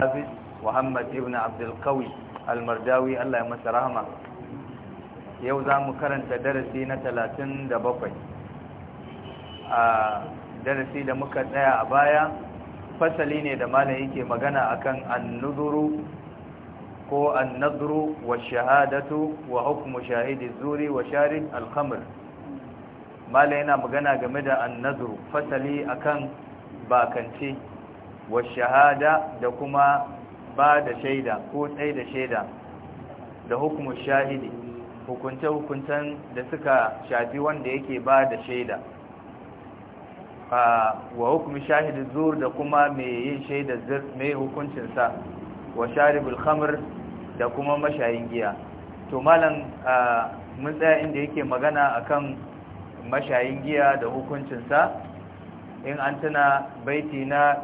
hafiz muhammad ibn abdul abdulkawi almardawi allah ya masa rahama yau za mu karanta darasi na talatin da bakwai a darasi da muka tsaya a baya fasali ne da malam yake magana akan annuzuru ko annadru wa shahadatu wa hukmu shahidi zuri wa sharid al-khamr. malam yana magana game da annadru fasali akan bakance wa shahada da kuma ba da shaida ko tsaye da shaida da hukumar shahidi hukunta hukuntan da suka shafi wanda yake ba da shaida wa hukumin shahidi zuwa da kuma mai yin shaida mai hukuncinsa wa sharibul khamr da kuma mashayin giya to malam mun tsaya inda yake magana akan mashayin giya da hukuncinsa in an tuna baiti na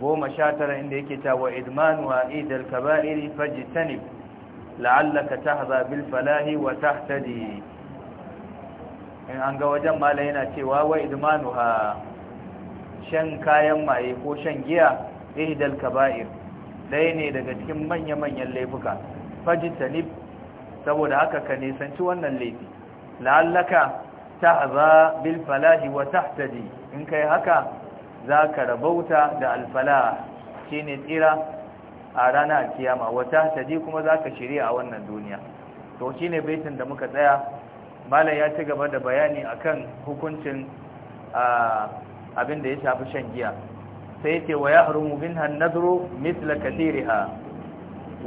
419 inda yake ta wa idmanu wa idal kaba'iri fajtanib la'allaka tahza bil falahi wa tahtadi in an ga wajen malai yana cewa wa ha shan kayan maye ko shan giya idal kaba'ir dai ne daga cikin manya-manyan laifuka fajtanib saboda haka ka nisanci wannan laifi la'allaka ta'za bil falahi wa tahtadi in kai haka zaka rabauta da al falah shine tsira a ranar kiyama wa tahtadi kuma zaka shirya a wannan duniya to shine baitin da muka tsaya malam ya ci gaba da bayani akan hukuncin abin da ya shafi shan giya sai yake wa yahrumu minha an-nadru mithla kathiriha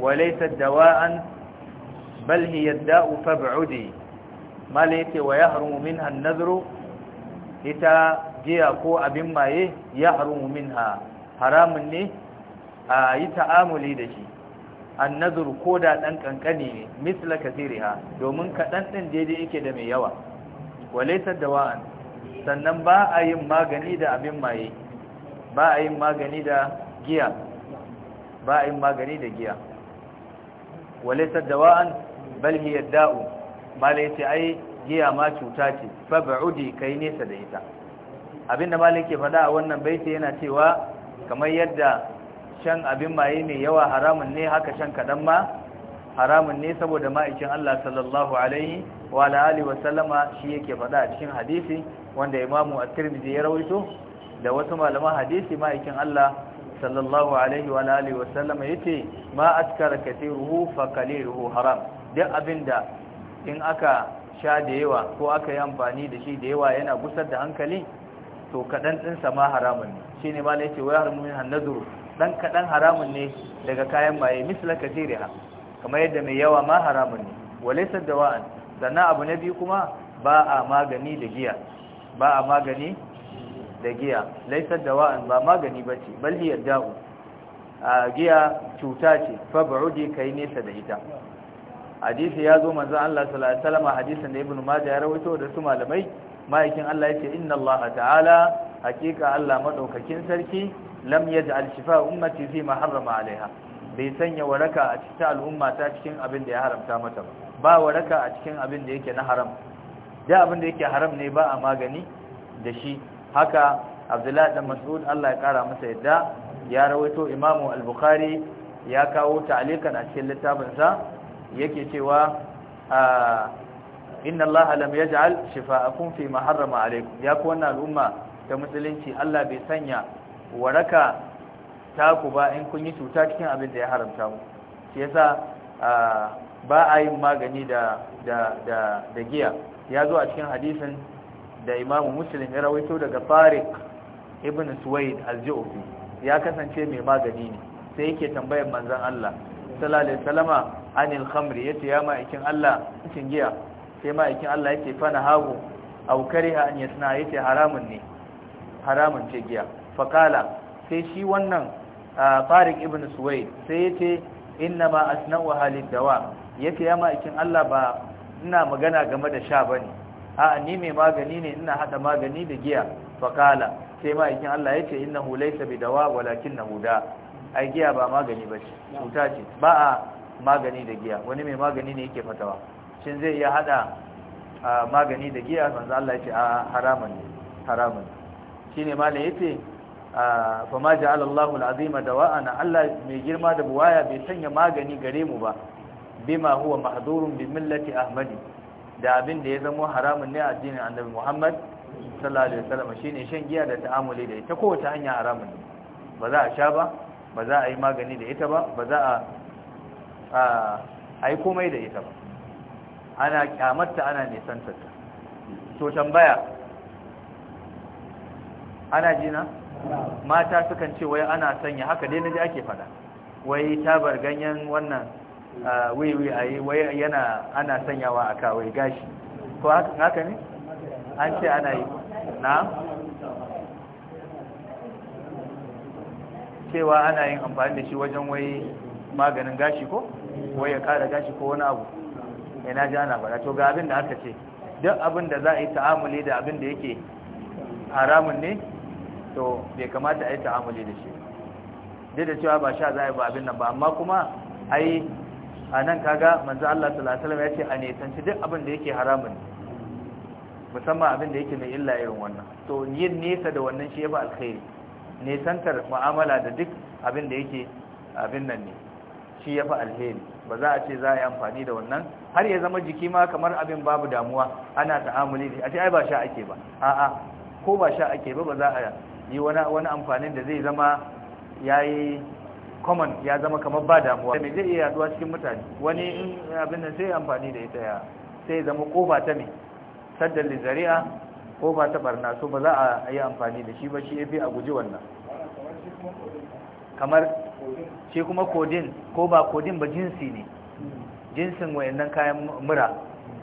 wa laysa dawa'an bal hiya ad-da'u fab'udi malai ce wa ya minha min nadhru ita giya ko abin maye ya min ha haramun ne a yi ta'amuli da shi an ko da ɗan ƙanƙani ne misla ha domin kadan din daidai yake da mai yawa da wa'an sannan ba a yin magani da abin maye ba a yin magani da giya ba a yin magani da giya da wa'an bal hiyar da'u malai ce ai giya ma cuta ce fa ba'udi kai nesa da ita abinda malai ke faɗa a wannan baiti yana cewa kamar yadda shan abin maye mai yawa haramun ne haka shan kaɗan ma haramun ne saboda ma'aikin Allah sallallahu alaihi wa alihi wa sallama shi yake faɗa a cikin hadisi wanda imamu at-tirmidhi ya rawaito da wasu malaman hadisi ma'aikin Allah sallallahu alaihi wa alihi wa sallama yace ma askara kathiruhu fa qaliluhu haram duk abinda in aka sha da yawa ko aka yi amfani da shi da yawa yana gusar da hankali to kaɗan ɗinsa ma haramun ne shi ne ma na yace wai haramun hannazuru ɗan kaɗan haramun ne daga kayan maye misla kasiriha kamar yadda mai yawa ma haramun ne walaisar da wa'an sannan abu na biyu kuma ba a magani da giya ba a magani da giya laisar da wa'an ba magani ba ce balli yadda a giya cuta ce fa ba'udi kai nesa da ita hadisi ya zo manzon Allah sallallahu alaihi wasallam hadisin da Ibn Majah ya rawaito da su malamai ma'aikin Allah yake inna Allah ta'ala hakika Allah madaukakin sarki lam yaj'al shifa ummati fi ma harrama alaiha bai sanya waraka a cikin al'umma ta cikin abin da ya haramta mata ba waraka a cikin abin da yake na haram da abin da yake haram ne ba a magani da shi haka Abdullahi dan Mas'ud Allah ya kara masa yadda ya rawaito Imam Al-Bukhari ya kawo ta'alikan a cikin littafinsa yake cewa ah, inna allaha lam yaj'al shifa'akum fi ma harrama alaykum ya ku wannan al'umma ta musulunci Allah bai sanya waraka ta ku ba in kun yi cuta cikin abin da ya haramta mu shi yasa ah, ba a yin magani da da da da giya ya zo a cikin hadisin da Imam Muslim ya rawaito daga Tariq ibn Suwaid al-Ju'fi ya kasance mai magani ne sai yake tambayar manzon Allah sallallahu alaihi wasallama anil khamri yace ya ma'aikin Allah cikin giya sai ma'aikin Allah yace fa nahahu aw kariha an yasna yace haramun ne haramun ce giya fa kala sai shi wannan Farik ibn Suwaid sai yace inna ma asna'u halid dawa yace ya ma'aikin Allah ba ina magana game da sha bane a ni mai magani ne ina hada magani da giya fa kala sai ma'aikin Allah yace innahu laysa bidawa walakinahu da ai giya ba magani bace cuta ce ba a magani da giya wani mai magani ne yake fatawa shin zai iya hada magani da giya manzo Allah ya ce a haramun ne shine malai yace fa ma ja'ala Allahu al-azima dawa'ana Allah mai girma da buwaya bai sanya magani gare mu ba bima huwa mahdurun bi millati ahmadi da abin da ya zama haramun ne a addinin annabi Muhammad sallallahu alaihi shine shan giya da ta'amuli da ita kowace hanya haramun ne ba za a sha ba ba za a yi magani da ita ba ba za a a yi komai da ita ba ana kyamarta ana nisantarta to tambaya ana jina mata sukan ce wai ana sanya haka dai naji ake fada wai bar ganyen wannan wiwi a yi wai yana ana sanyawa a kawai gashi ko haka ne an ce ana yi na cewa ana yin amfani da shi wajen wai maganin gashi ko ko ya kara gashi ko wani abu ina eh, ji ana fara to ga abin da aka ce duk abin da za a yi ta'amuli da abin da yake haramun ne to bai kamata a yi ta'amuli da shi duk da cewa ba sha za a yi ba abin nan ba amma kuma ai a nan kaga manzo Allah sallallahu alaihi wasallam ya ce a nesanci duk abin da yake haramun musamman abin da yake mai illa irin wannan to yin nesa da wannan shi ya ba alkhairi nesantar mu'amala da duk abin da yake abin nan ne shi ya fi alheri ba za a ce za a yi amfani da wannan har ya zama jiki ma kamar abin babu damuwa ana ta'amuli da a ce ai ba sha ake ba a'a ko ba sha ake ba ba za a yi wani amfanin da zai zama ya yi common ya zama kamar ba damuwa me zai iya yaduwa cikin mutane wani abin da sai amfani da ita ya sai zama kofa ta me saddar zari'a ko ba ta barna so ba za a yi amfani da shi ba shi ya fi a guji wannan kamar shi kuma kodin ko ba kodin ba jinsi ne jinsin wayannan kayan mura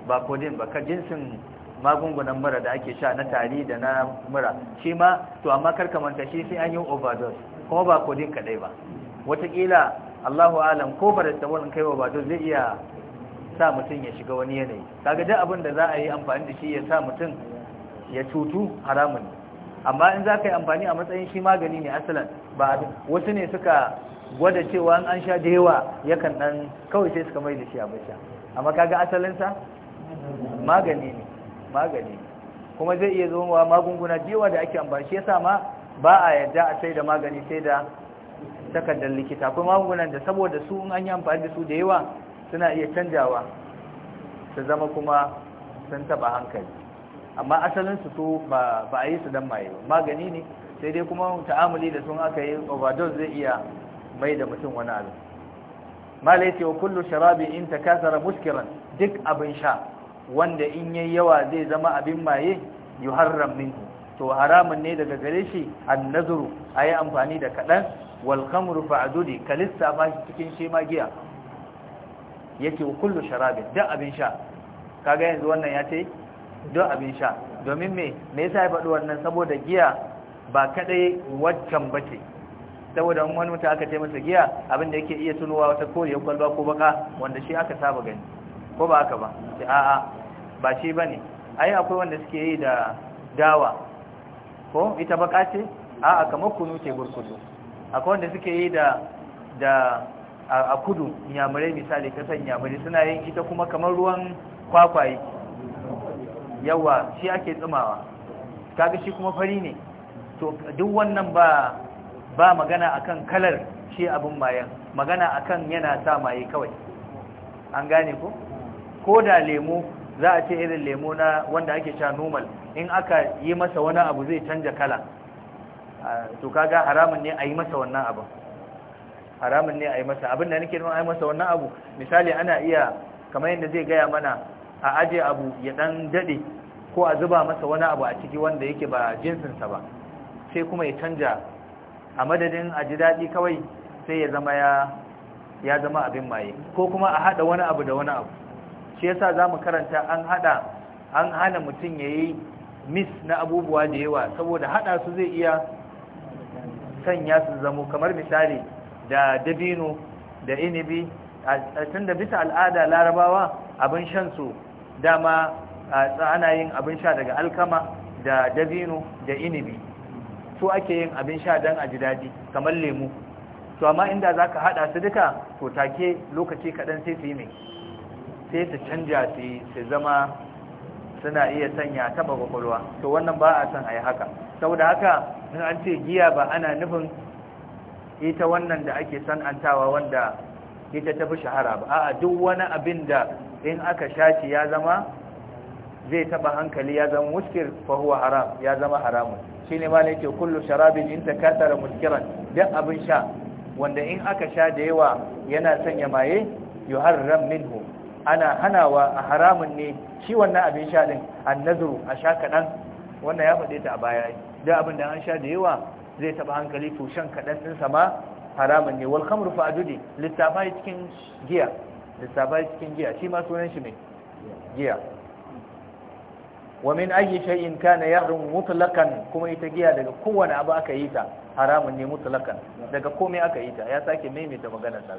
ba kodin ba ka jinsin magungunan mura da ake sha na tari da na mura shi ma to amma karka manta shi sai an yi overdose kuma ba kodin kadai ba watakila Allahu alam ko da tsawon kai overdose zai iya sa mutum ya shiga wani yanayi kaga duk abin da za a yi amfani da shi ya sa mutum ya cutu haramun amma in za ka yi amfani a matsayin shi magani ne asalan ba wasu ne suka gwada cewa an sha da yawa yakan nan kawai sai suka mai da shi a sha amma kaga asalinsa magani ne magani kuma zai iya zama magunguna jewa da ake amfani shi yasa ma ba a yadda a sai da magani sai da takardar likita kuma magungunan da saboda su in an yi amfani da su da yawa suna iya canjawa su zama kuma sun taba hankali amma asalin su to ba a yi su dan maye ba magani ne sai dai kuma ta'amuli da sun aka yi overdose zai iya mai da mutum wani abin malai ce wa kullu sharabi in ta kasara muskiran duk abin sha wanda in yi yawa zai zama abin maye yuharram min to haramun ne daga gare shi a yi amfani da kaɗan. wal khamru kalista ma ba cikin shi magiya yake wa kullu sharabi duk abin sha kaga yanzu wannan ya ce duk abin sha domin me me yasa ya faɗi wannan saboda giya ba kaɗai waccan bace saboda wani mutum aka ce masa giya abin da yake iya tunowa wata koriyar kwalba ko baka wanda shi aka saba gani ko ba aka ba sai a'a ba shi ba A yi akwai wanda suke yi da dawa ko ita baka ce a'a kamar kunu ce gurkudu akwai wanda suke yi da da a kudu nyamurai misali kasan nyamurai suna yin ita kuma kamar ruwan kwakwaye yawa shi ake tsumawa kaga shi kuma fari ne to duk wannan ba ba magana akan kalar shi abin mayan magana akan yana sa maye kawai an gane ko ko da lemo za a ce irin lemo na wanda ake sha normal in aka yi masa wani abu zai canja kala to kaga haramun ne a yi masa wannan abu? haramun ne a yi masa abin da nake nuna a yi masa wannan abu misali ana iya kamar yadda zai gaya mana a aje abu ya dan dade ko a zuba masa wani abu a ciki wanda yake ba jinsinsa ba sai kuma ya canja a madadin a ji daɗi kawai sai ya zama ya ya zama abin maye ko kuma a haɗa wani abu da wani abu shi yasa za mu karanta an haɗa an hana mutum ya yi mis na abubuwa da yawa saboda haɗa su zai iya sanya su zamo kamar misali da dabino da inibi tun da bisa al'ada larabawa abin shansu dama ana yin abin sha daga alkama da dabino da inibi su ake yin abin sha dan a ji daɗi kamar lemu to amma inda za ka haɗa su duka to take lokaci kaɗan sai su yi mai sai su canja su zama suna iya sanya taɓa kwakwalwa to wannan ba a son a yi haka saboda haka in an ce giya ba ana nufin ita wannan da ake san san'antawa wanda ita ta fi shahara ba a'a duk wani abin da in aka shaci ya zama zai taɓa hankali ya zama muskir huwa haram ya zama haramun shi ma ne ke kullu sharabin in katara muskiran duk abin sha wanda in aka sha da yawa yana sanya maye yuharram minhu ana hanawa a haramun ne shi wannan abin sha din annazuru a sha kadan wannan ya fade ta a baya duk abin da an sha da yawa zai taba hankali to shan kadan din sama haramun ne wal khamru fa'dudi littafai cikin giya littafai cikin giya shi ma sunan shi ne giya wa min ayi shay'in kana yahrum mutlaqan kuma ita giya daga kowane abu aka yi ta haramun ne mutlaqan daga komai aka yi ta ya sake maimaita maganar sa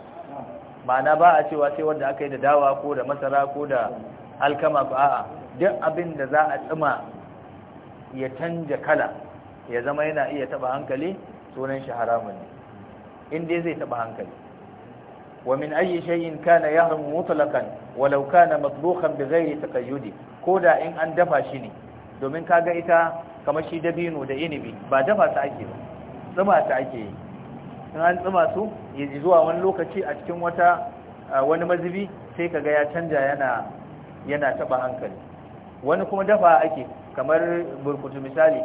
ma'ana ba a cewa sai wanda aka yi da dawa ko da masara ko da alkama ko duk abin da za a tsima ya canja kala ya zama yana iya taba hankali sunan shi haramun ne zai hankali wa min kana yahrum mutlaqan walau kana matbukhan bighairi taqayyudi ko da in an dafa shi ne domin kaga ita kamar shi dabino da inibi ba dafa ta ake ba tsuma ta ake yi in an tsuma su ya zuwa wani lokaci a cikin wata wani mazubi sai kaga ya canja yana yana taba hankali wani kuma dafa ake kamar burkutu misali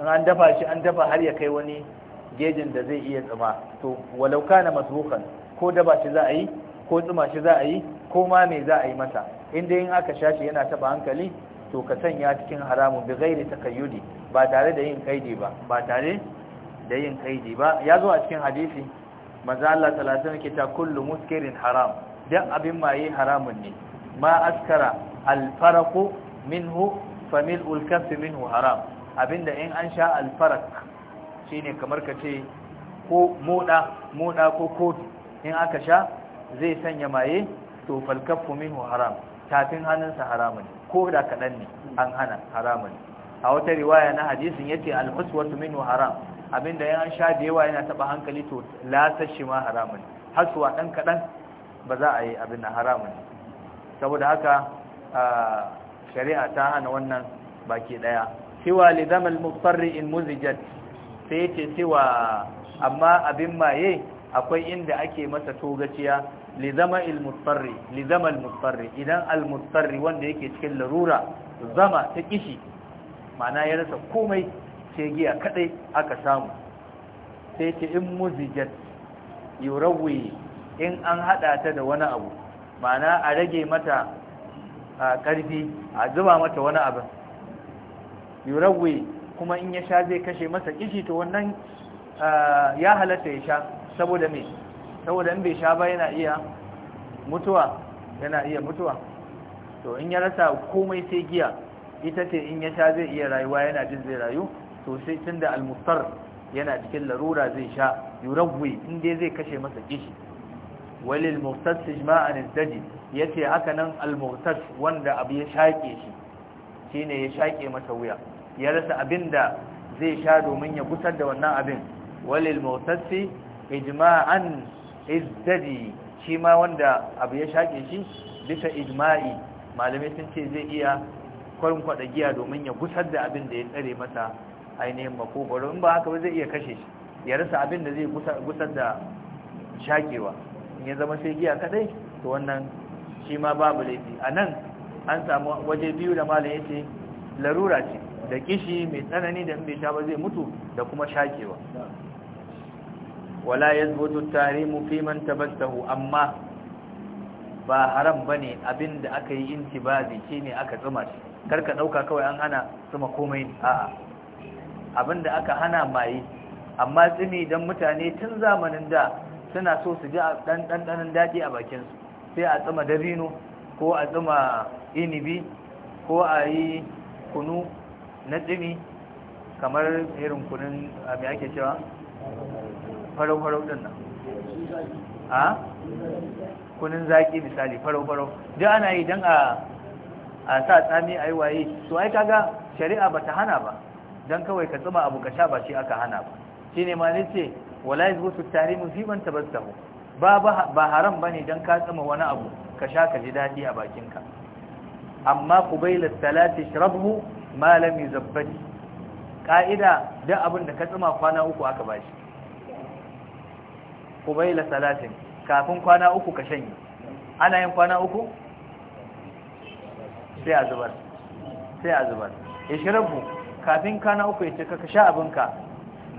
in an dafa shi an dafa har ya kai wani gejin da zai iya tsuma to walau kana masrukan ko dafa shi za a yi ko tsuma shi za a yi ko ma me za a yi mata. inda in aka shashi yana taba hankali to ka sanya cikin haramun bi gairi takayyudi ba tare da yin kaidi ba ba tare da yin kaidi ba ya zo a cikin hadisi manzo Allah sallallahu alaihi ta kullu muskirin haram dan abin maye haramun ne ma askara alfarqu minhu famil'ul kaf minhu haram abinda in an sha alfarq shine kamar ka ce ko moda moda ko kofi in aka sha zai sanya maye to falkaffu minhu haram tafin hannunsa haramun ko da kaɗan ne an hana haramun a wata riwaya na hadisin ya ce alhus wasu minu haram abinda ya an sha da yawa yana taɓa hankali to lasashi ma haramun haswa ɗan kaɗan ba za a yi abin na haramun saboda haka shari'a ta hana wannan baki ɗaya siwa lizamal muftarri in muzijat sai ce siwa amma abin maye akwai inda ake masa togaciya li zama al-mustarri li zama al idan al-mustarri wanda yake cikin larura zama ta kishi ma'ana ya rasa komai sai giya kadai aka samu sai ce in muzijat yurawi in an hada ta da wani abu ma'ana a rage mata karfi a zuba mata wani abu yurawi kuma in ya sha zai kashe masa kishi to wannan ya halatta ya sha saboda me saboda in bai sha ba yana iya mutuwa yana iya mutuwa to in ya rasa komai sai giya ita ce in ya sha zai iya rayuwa yana jin zai rayu to sai tunda almustar yana cikin larura zai sha yurabwi in dai zai kashe masa kishi walil murtad ijma'an izdaji yace haka nan al wanda abu ya shaƙe shi shine ya shaƙe masa wuya ya rasa abin da zai sha domin ya gusar da wannan abin walil murtad ijma'an izdadi shi ma wanda abu ya shake shi bisa ijma'i malamai sun ce zai iya kwarin giya domin ya gusar da abin da ya tsare masa ainihin makobar in ba haka ba zai iya kashe shi ya rasa abin da zai gusar da shakewa in ya zama sai giya kadai to wannan shi ma babu laifi a nan an samu waje biyu da malam ya ce larura ce da kishi mai tsanani da in bai sha ba zai mutu da kuma shakewa wala yazbutu tahrimu fi man tabattahu amma ba haram bane abinda aka yi intibazi shine aka tsuma shi karka dauka kawai an hana tsuma komai a'a abinda aka hana mai amma tsini dan mutane tun zamanin da suna so su ji dan dan daɗi a bakin su sai a tsuma dabino ko a tsuma inibi ko a yi kunu na tsimi kamar irin kunun mai ake cewa farau-farau din nan a kunin zaki misali farau-farau duk ana yi don a sa tsami a yi waye to ai kaga shari'a ba ta hana ba don kawai ka tsuma abu ka sha ba shi aka hana ba shi ne ma ce wala yi zuwa tare mu fi tabastahu ba ba haram ba ne don ka tsuma wani abu ka sha ka ji daɗi a bakinka amma kubailar talati shirabhu malami zabbani ƙa'ida duk abin da ka tsuma kwana uku aka ba shi. kubaila salatin kafin kwana uku ka shanye ana yin kwana uku sai a zubar sai a zubar ishrabu kafin kwana uku ya cika ka sha abinka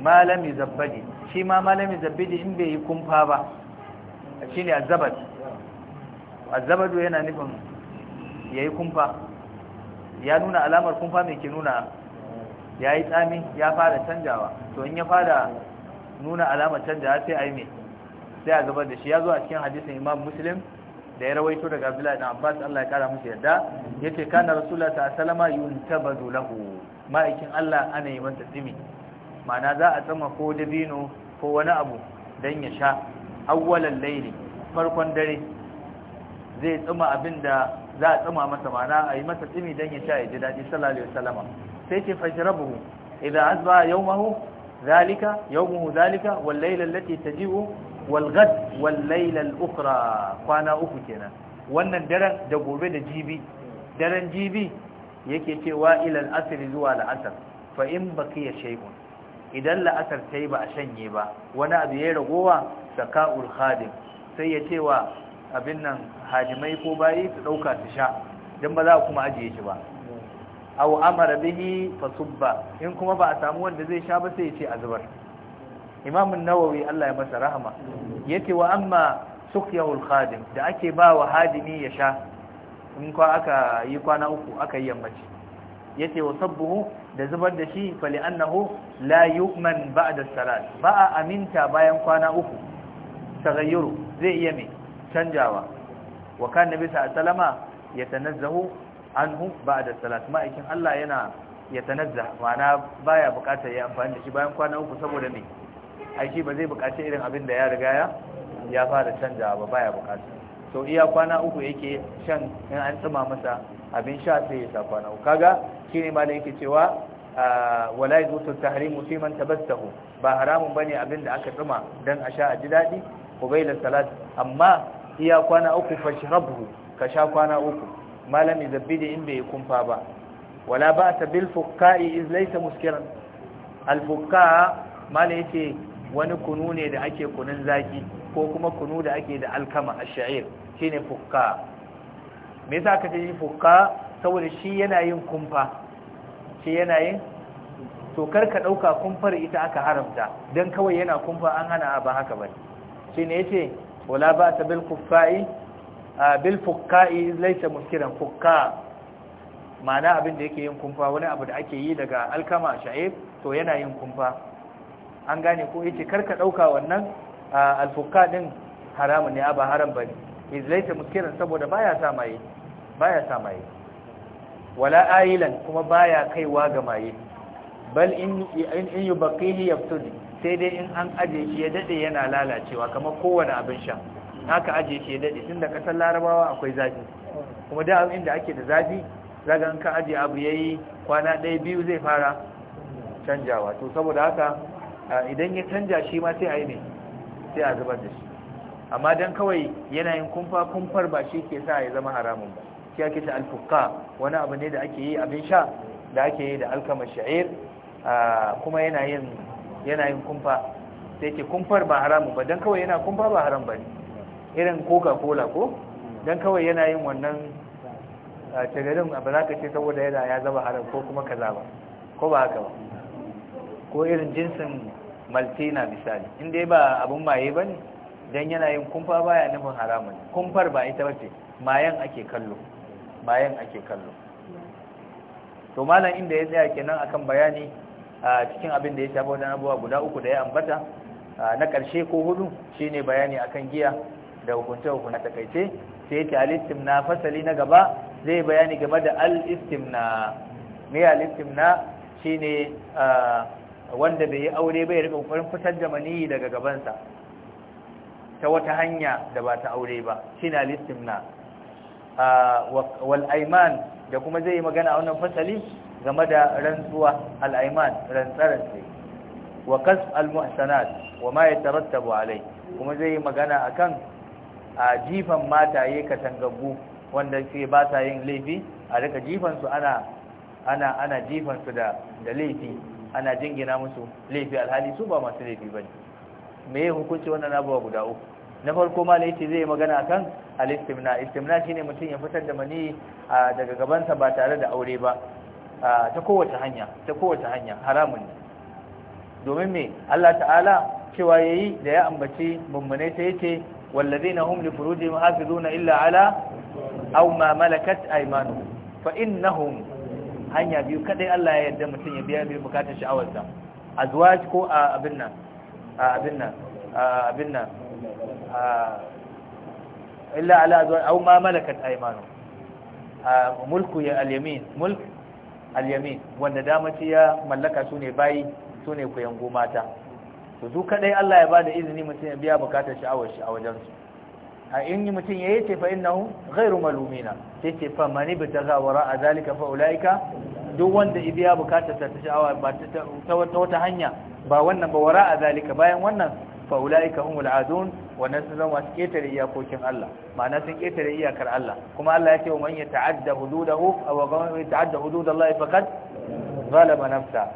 malami zabbadi shi ma malami zabbadi in bai yi kumfa ba ne azabad azabadu yana nufin ya yi kumfa ya nuna alamar kumfa mai ke nuna ya yi tsami ya fara canjawa to in ya fara nuna alamar canjawa sai a yi mai sai a gabar da shi ya zo a cikin hadisin imam muslim da ya rawaito daga abdullahi ibn abbas Allah ya kara musu ya ce kana rasulullahi sallallahu alaihi taba yuntabadu lahu ma'aikin Allah ana yi masa tsimi ma'ana za a tsama ko dabino ko wani abu don ya sha awwalan laili farkon dare zai tsima da za a tsima masa ma'ana a yi masa tsimi don ya sha ya ji daɗi sallallahu alaihi wasallam sai ce fashrabuhu idza azba yawmahu zalika yawmuhu zalika wal layla allati tajibu walgat wallailal ukra kwana uku kenan wannan daren da gobe da jibi daren jibi yake cewa ilal asiri zuwa la'asar fa in baqiya shay'un idan la'asar tayi ba a shanye ba wani abu ya ragowa saka'ul khadim sai ya cewa abin nan hadimai ko bayi su dauka su sha dan ba za kuma ajiye shi ba aw amara bihi fasubba in kuma ba a samu wanda zai sha ba sai ya ce a zubar. imam an-nawawi Allah ya masa rahama yace wa amma sukyahu al-khadim da ake ba wa hadimi ya sha in kwa aka yi kwana uku aka yi yammaci yace wa sabbuhu da zubar da shi fali annahu la yu'man ba'da salat ba aminta bayan kwana uku tagayyuru zai iya mai canjawa wa kan nabi sallama yatanazzahu anhu ba'da salat ma'aikin Allah yana yatanazza ma'ana baya bukatar ya amfani da shi bayan kwana uku saboda me aiki ba zai bukaci irin abin da ya riga ya ya fara canja ba baya bukaci to iya kwana uku yake shan in an tsima masa abin sha sai ya sa kwana uku kaga shine ma da yake cewa ah, wala yuzu tahrimu fi man tabattahu ba haramun bane abin da aka tsima dan a sha a ji daɗi dadi da salat amma iya kwana uku fashrabu ka sha kwana uku malami zabbidi in bai kumfa ba wala ba ta bil fukka'i iz laysa muskiran al ma ne yake wani kunu ne da ake kunun zaki ko kuma kunu da ake da alkama a sha'ir shi ne fukka me yasa ka ce fukka saboda shi yana yin kumfa shi yana yin to kar ka ɗauka kumfar ita aka haramta don kawai yana kumfa an hana ba haka bai. shi ne yace wala ba ta bil kufa'i bil fukka'i laita muskiran fukka ma'ana abin da yake yin kumfa wani abu da ake yi daga alkama sha'ir to yana yin kumfa an gane ko yace karka dauka wannan alfuka din haramun ne ba haram bane izlaita muskiran saboda baya sa maye baya sa maye wala ailan kuma baya kaiwa ga maye bal in in yubqihi yaftudi sai dai in an aje shi ya dade yana lalacewa kamar kowane abin sha haka aje shi ya dade tunda kasar larabawa akwai zafi kuma da da ake da zafi zaga in ka aje abu yayi kwana ɗaya biyu zai fara canjawa to saboda haka idan ya canja shi ma sai a yi ne sai a zubar da shi amma dan kawai yanayin kumfa kumfar ba shi ke sa ya zama haramun ba shi ake ta alfuka wani abu ne da ake yi abin sha da ake yi da alkama sha'ir kuma yanayin yanayin kumfa sai ke kumfar ba haramun ba dan kawai yana kumfa ba haram ba ne irin coca cola ko dan kawai yanayin wannan tagarin abu za ka ce saboda yana ya zama haram ko kuma kaza ba ko ba haka ba ko irin jinsin maltina misali in dai ba abun maye ba ne don yana yin kumfa baya nufin haramun kumfar ba ita bace mayan ake kallo mayan ake kallo to malam inda ya tsaya kenan akan bayani a cikin abin da ya shafa wadannan abubuwa guda uku da ya ambata na ƙarshe ko hudu shine bayani akan giya da hukunce hukunta takaice sai ta alistim na fasali na gaba zai bayani game da alistim na me al-istimna shine wanda bai yi aure ba bai rika kokarin fitar da maniyi daga gabansa ta wata hanya da ba ta aure ba shine listimna wal aiman da kuma zai yi magana a wannan fasali game da rantsuwa al aiman sai. wa kas al muhsanat wa ma yatarattabu alai kuma zai yi magana akan a jifan mataye katangaggu wanda ke ba sa yin laifi a rika jifansu ana ana ana jifansu da da laifi ana jingina musu laifi alhali su ba masu laifi ba ne me ya hukunci wannan abuwa guda uku na farko ma laifi zai magana akan al-istimna istimna ne mutum ya fitar da mani daga gabansa ba tare da aure ba ta kowace hanya ta kowace hanya haramun ne domin me Allah ta'ala cewa yayi da ya ambaci mummune ta yace wallazina hum li furujihim hafizuna illa ala aw ma malakat aymanuhum fa innahum hanya biyu kadai Allah ya yarda mutum ya biya biyu bukatun sha'awarsa zuwa ko a abin nan a abin nan a abin nan illa ala azwaj aw ma malakat aymanu mulku ya al-yamin mulk al-yamin wanda dama ce ya mallaka su ne bayi su ne kuyango mata to su kadai Allah ya bada izini mutum ya biya bukatar sha'awar shi a wajen su a in yi mutum yayi ce fa innahu ghairu malumina sai ce fa mani bitaga wara a zalika fa ulaika duk wanda ibiya bukatar ta ta sha'awa ba ta wata hanya ba wannan ba wara a zalika bayan wannan fa ulaika humul adun wannan sun zama su ketare iyakokin Allah ma'ana sun ketare iyakar Allah kuma Allah ya ce man yata'adda hududahu aw man yata'adda hududallahi faqad zalama nafsa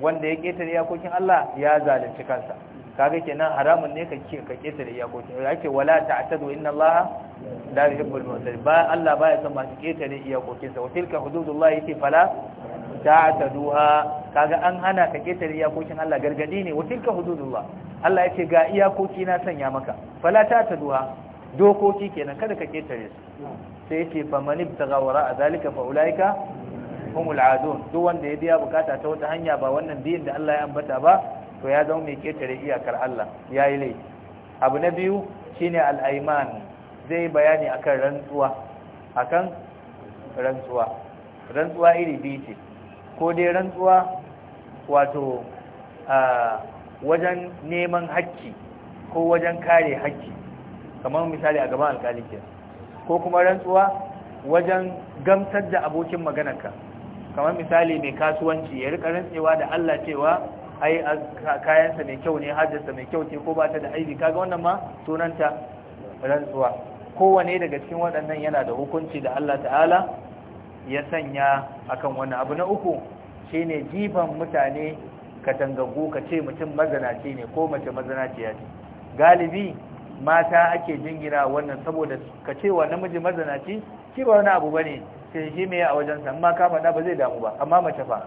wanda ya ketare iyakokin Allah ya zalunci kansa kaga kenan haramun ne ka ke ka ketare iyakokin yake wala ta'tadu inna allaha la yuhibbul mu'tadi ba Allah baya son masu ketare iyakokin sa wa tilka hududullahi fi fala ta'taduha kaga an hana ka ketare iyakokin Allah gargadi ne wa tilka hududullah Allah yake ga iyakoki na sanya maka fala ta'taduha dokoki kenan kada ka ketare su sai yake man ibtaga wara zalika fa ulaika humul adun duk wanda ya biya bukata ta wata hanya ba wannan biyan da Allah ya ambata ba to ya zama mai ketare iyakar Allah ya yi laifi abu na biyu shine al'aiman zai bayani akan rantsuwa akan rantsuwa rantsuwa iri biyu ce ko dai rantsuwa wato wajen neman hakki ko wajen kare hakki kamar misali a gaban alkali ko kuma rantsuwa wajen gamsar da abokin maganarka kamar misali mai kasuwanci ya rika rantsewa da Allah cewa ai kayansa mai kyau ne hajjarsa mai kyau ce ko ba ta da aibi kaga wannan ma sunanta rantsuwa kowane daga cikin waɗannan yana da hukunci da Allah ta'ala ya sanya akan wani abu na uku shi ne jifan mutane ka tangagu ka ce mutum mazanaci ne ko mace mazanaciya ce galibi mata ake jingina wannan saboda ka ce wa namiji mazanaci shi ba wani abu ba ne sai shi mai a wajen amma ka faɗa ba zai damu ba amma mace fa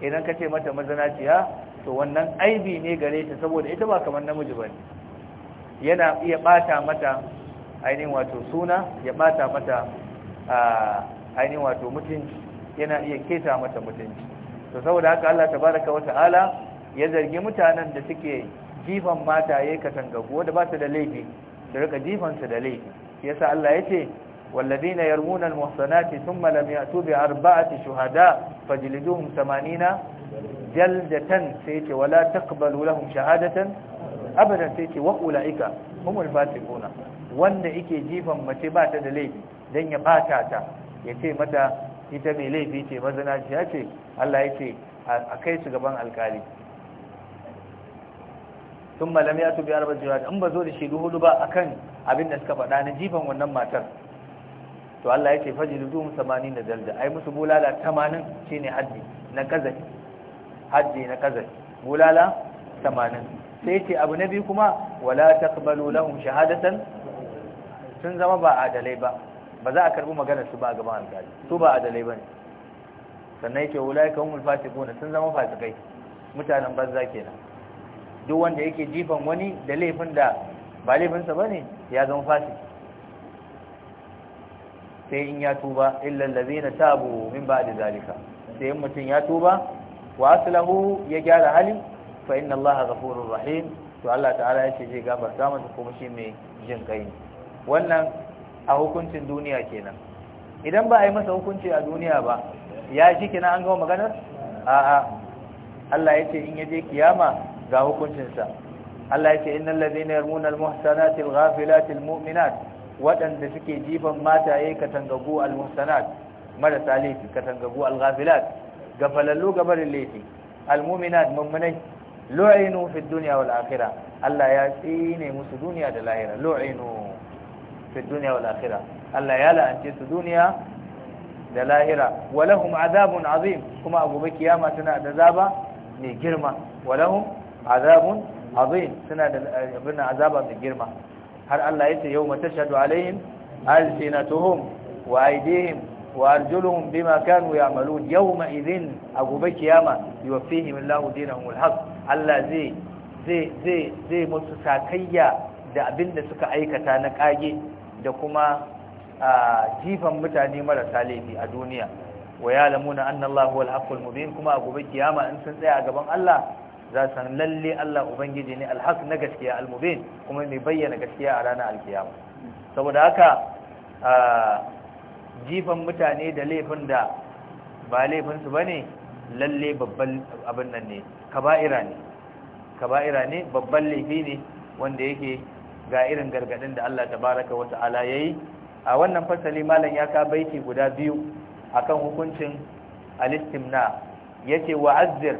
idan ka ce mata mazanaciya to wannan aibi ne gare ta saboda ita ba kamar namiji ba ne yana iya bata mata ainihin wato suna ya bata mata ainihin wato mutunci yana iya keta mata mutunci to saboda haka Allah baraka wa ta'ala ya zargi mutanen da suke jifan mata mataye katangagu da ba su da laifi da rika jifan su da laifi yasa Allah ya yace والذين يرمون المحصنات ثم لم يأتوا بأربعة شهداء فجلدوهم samanina. jaldatan sai yake wala taqbalu lahum shahadatan abadan sai yake wa ulaika humul fatiquna wanda yake jifan mace ba ta da laifi dan ya bata ta yace mata ita mai laifi ce bazana ce yace Allah yake a kai su gaban alkali sun malam ya tubi arba jiwa in ba zo da shaidu hudu ba akan abin da suka faɗa na jifan wannan matar to Allah ya ce fajilu 80 dalda ai musu bulala 80 shine haddi na kazafi haddi na kazar bulala 80 sai ce abu na biyu kuma wala taqbalu lahum shahadatan sun zama ba adalai ba ba za a karbi magana su ba gaban alƙali su ba adalai bane sannan yake ulaika humul fasiquna sun zama fasikai mutanen banza kenan duk wanda yake jifan wani da laifin da ba laifinsa bane ya zama fasiki sai in ya tuba illal ladina tabu min ba'di zalika sai in mutun ya tuba wa aslahu ya gyara hali fa inna allaha ghafurur to Allah ta'ala ya ce zai gafarta masa kuma shi mai jin kai wannan a hukuncin duniya kenan idan ba a yi masa hukunci a duniya ba ya shi kenan an gama maganar a'a Allah ya ce in ya je kiyama ga hukuncinsa Allah ya ce innal ladhina yarmuna al-muhsanati al-ghafilati al-mu'minat waɗanda suke jifan mataye katangagu al-muhsanat marasa laifi katangagu al-ghafilat gafalallu gabarin laifi almuminat mummunai lu'inu fi dunya wal akhirah Allah ya tsine musu duniya da lahira lu'inu fi dunya wal akhirah Allah ya la'ance su duniya da lahira walahum azabun azim kuma a gobe kiyama tana da azaba mai girma walahum azabun azim suna da abin azaba mai girma har Allah ya ce yau matashadu alaihim alsinatuhum wa aidihim wa arjuluhum bima kanu ya'malun yawma idhin a gobe kiyama yuwaffihim Allahu dinahum alhaq Allah zai masu zai zai da abin da suka aikata na kage da kuma jifan mutane marasa laifi a duniya wa ya'lamuna anna Allahu huwal haqqul mubin kuma a gobe kiyama in sun tsaya a gaban Allah za san lalle Allah ubangiji ne alhak na gaskiya almubin kuma mai bayyana gaskiya a ranar alkiyama saboda haka jifan mutane da laifin da ba laifinsu ba ne lalle babban abin nan ne kaba'ira ne kaba'ira ne babban laifi ne wanda yake ga irin gargadin da Allah tabaraka wa ta'ala yayi a wannan fasali malam ya ka baiti guda biyu akan hukuncin al-istimna yace wa'azzir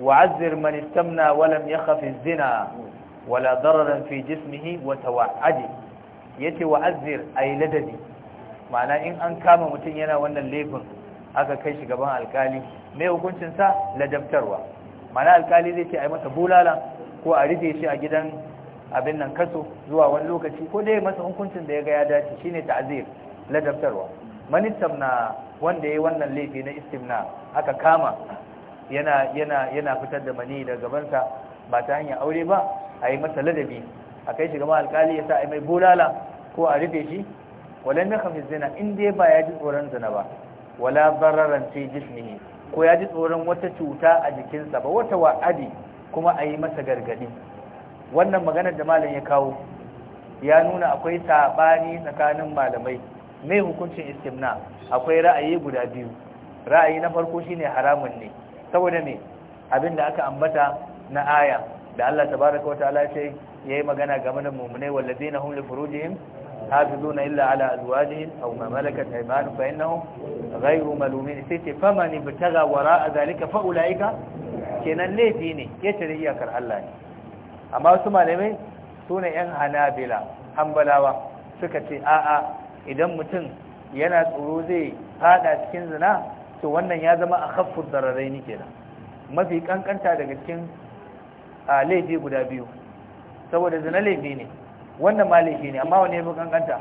wa'azzir man istamna wa lam yakhaf az-zina wala dararan fi jismihi wa tawa'adi yace wa'azzir ay ladadi ma'ana in an kama mutum yana wannan laifin aka kai shi gaban alkali mai hukuncinsa ladabtarwa ma'ana alkali zai ce a yi masa bulala ko a rufe shi a gidan abin nan kaso zuwa wani lokaci ko dai masa hukuncin da ya ga ya dace shine ta'zir ladabtarwa manitam na wanda yayi wannan laifi na istimna aka kama yana yana yana fitar da mani daga gabansa ba ta hanyar aure ba a yi masa ladabi a kai shi gaban alkali ya sa a mai bulala ko a rufe shi walam yakhmi zina in dai ba ya ji tsoron zina ba wala dararan fi jismihi ko ya ji tsoron wata cuta a jikinsa ba wata wa'adi kuma a yi masa gargadi wannan maganar da malam ya kawo ya nuna akwai saɓani tsakanin malamai mai hukuncin istimna akwai ra'ayi guda biyu ra'ayi na farko shine haramun ne saboda me abin da aka ambata na aya da Allah tabaraka wata ya ce yayi magana game da mu'minai wallazina hum li furujihim hafizuna illa ala azwajihim aw ma malakat aymanuhum fa innahum ghayru malumin sai faman ibtaga wara'a zalika fa ulaika kenan laifi ne yace da iyakar Allah ne amma su malamai sune yan hanabila hanbalawa suka ce a'a idan mutum yana tsoro zai fada cikin zina to wannan ya zama a khaffud dararaini kenan mafi kankanta daga cikin laifi guda biyu saboda zina laifi ne wannan ma laifi ne amma wani ya fi kankanta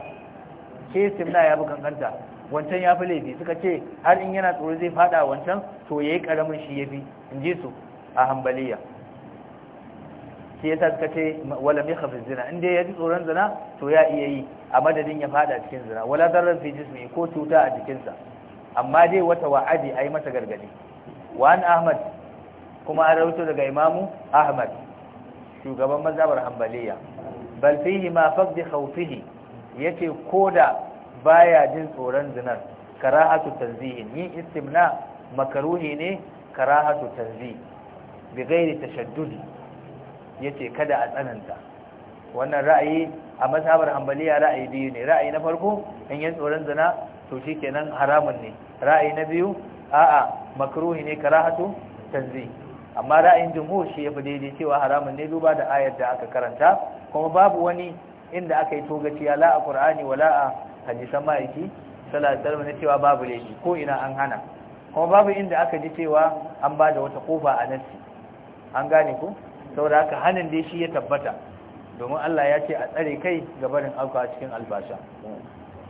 ke simna ya fi kankanta wancan ya fi laifi suka ce har in yana tsoro zai fada wancan to ya yi karamin shi ya fi in ji su a hambaliya shi suka ce wala mai hafi zina in dai ya ji tsoron zina to ya iya yi a madadin ya fada cikin zina wala zarar fi jismi ko cuta a jikinsa amma dai wata wa'adi a yi masa gargadi wa an ahmad kuma an rawaito daga imamu ahmad shugaban mazhabar hanbaliya bal fihi ma faqdi khawfihi yace koda baya jin tsoron zinar karahatu tanzihin yin istimna makaruhi ne karahatu tanzih bi ghairi tashaddudi yace kada a tsananta wannan ra'ayi a mazhabar hanbaliya ra'ayi biyu ne ra'ayi na farko in yin tsoron zina to shikenan haramun ne ra'ayi na biyu a'a makruhi ne karahatu tanzih amma ra'ayin jumhur shi yafi daidai cewa haramun ne duba da ayar da aka karanta kuma babu wani inda aka yi togaciya ya la'a qur'ani wala a hadisan ma'aiki sallallahu alaihi wasallam cewa babu laifi ko ina an hana kuma babu inda aka ji cewa an ba da wata kofa a nassi an gane ku saboda haka hanin dai shi ya tabbata domin Allah ya ce a tsare kai gabarin barin a cikin albasha